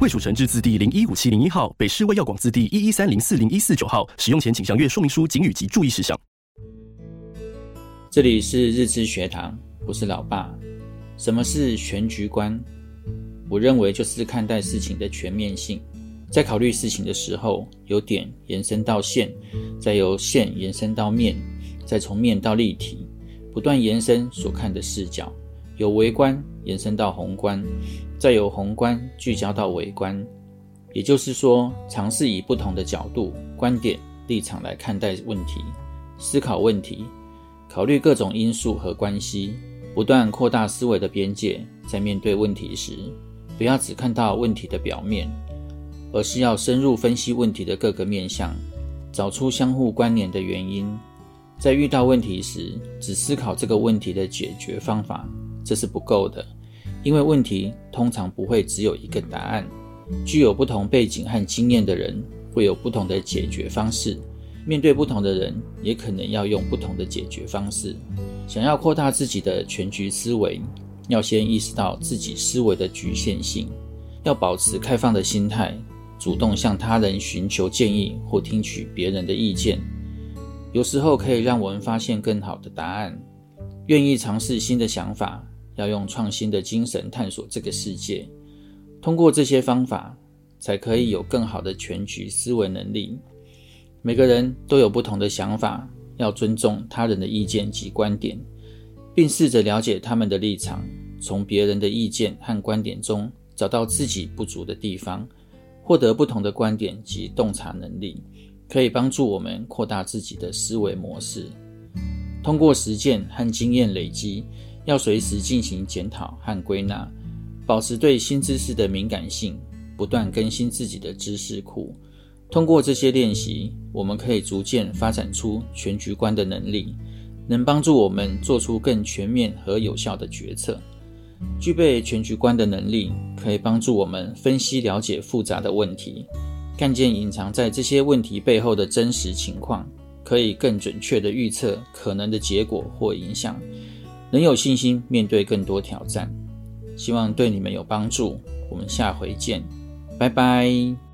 衛署成製字第零一五七零一號，北市衛藥廣字第一一三零四零一四九號。使用前請詳閱說明書、警語及注意事項。這裡是日知學堂，不是老爸。什麼是全局觀？我認為就是看待事情的全面性。在考慮事情的時候，由點延伸到線，再由線延伸到面，再從面到立體，不斷延伸所看的視角。由微觀延伸到宏觀，再由宏觀聚焦到微觀。也就是說，嘗試以不同的角度、觀點、立場來看待問題，思考問題，考慮各種因素和關係，不斷擴大思維的邊界。在面對問題時，不要只看到問題的表面，而是要深入分析問題的各個面向，找出相互關聯的原因。在遇到問題時，只思考這個問題的解決方法。這是不夠的，因為問題通常不會只有一個答案。具有不同背景和經驗的人會有不同的解決方式。面對不同的人，也可能要用不同的解決方式。想要擴大自己的全局思維，要先意識到自己思維的局限性。要保持開放的心態，主動向他人尋求建議或聽取別人的意見，有時候可以讓我們發現更好的答案。願意嘗試新的想法。要用創新的精神探索這個世界，通過這些方法，才可以有更好的全局思維能力。每個人都有不同的想法，要尊重他人的意見及觀點，並試着了解他們的立場。從別人的意見和觀點中找到自己不足的地方，獲得不同的觀點及洞察能力，可以幫助我們擴大自己的思維模式。通過實踐和經驗累積。要隨時進行檢討和歸納，保持對新知識的敏感性，不斷更新自己的知識庫。通過這些練習，我們可以逐漸發展出全局觀的能力，能幫助我們做出更全面和有效的決策。具備全局觀的能力，可以幫助我們分析了解複雜的問題，看見隱藏在這些問題背後的真實情況，可以更準確地預測可能的結果或影響。能有信心面對更多挑戰，希望對你們有幫助。我們下回見，拜拜。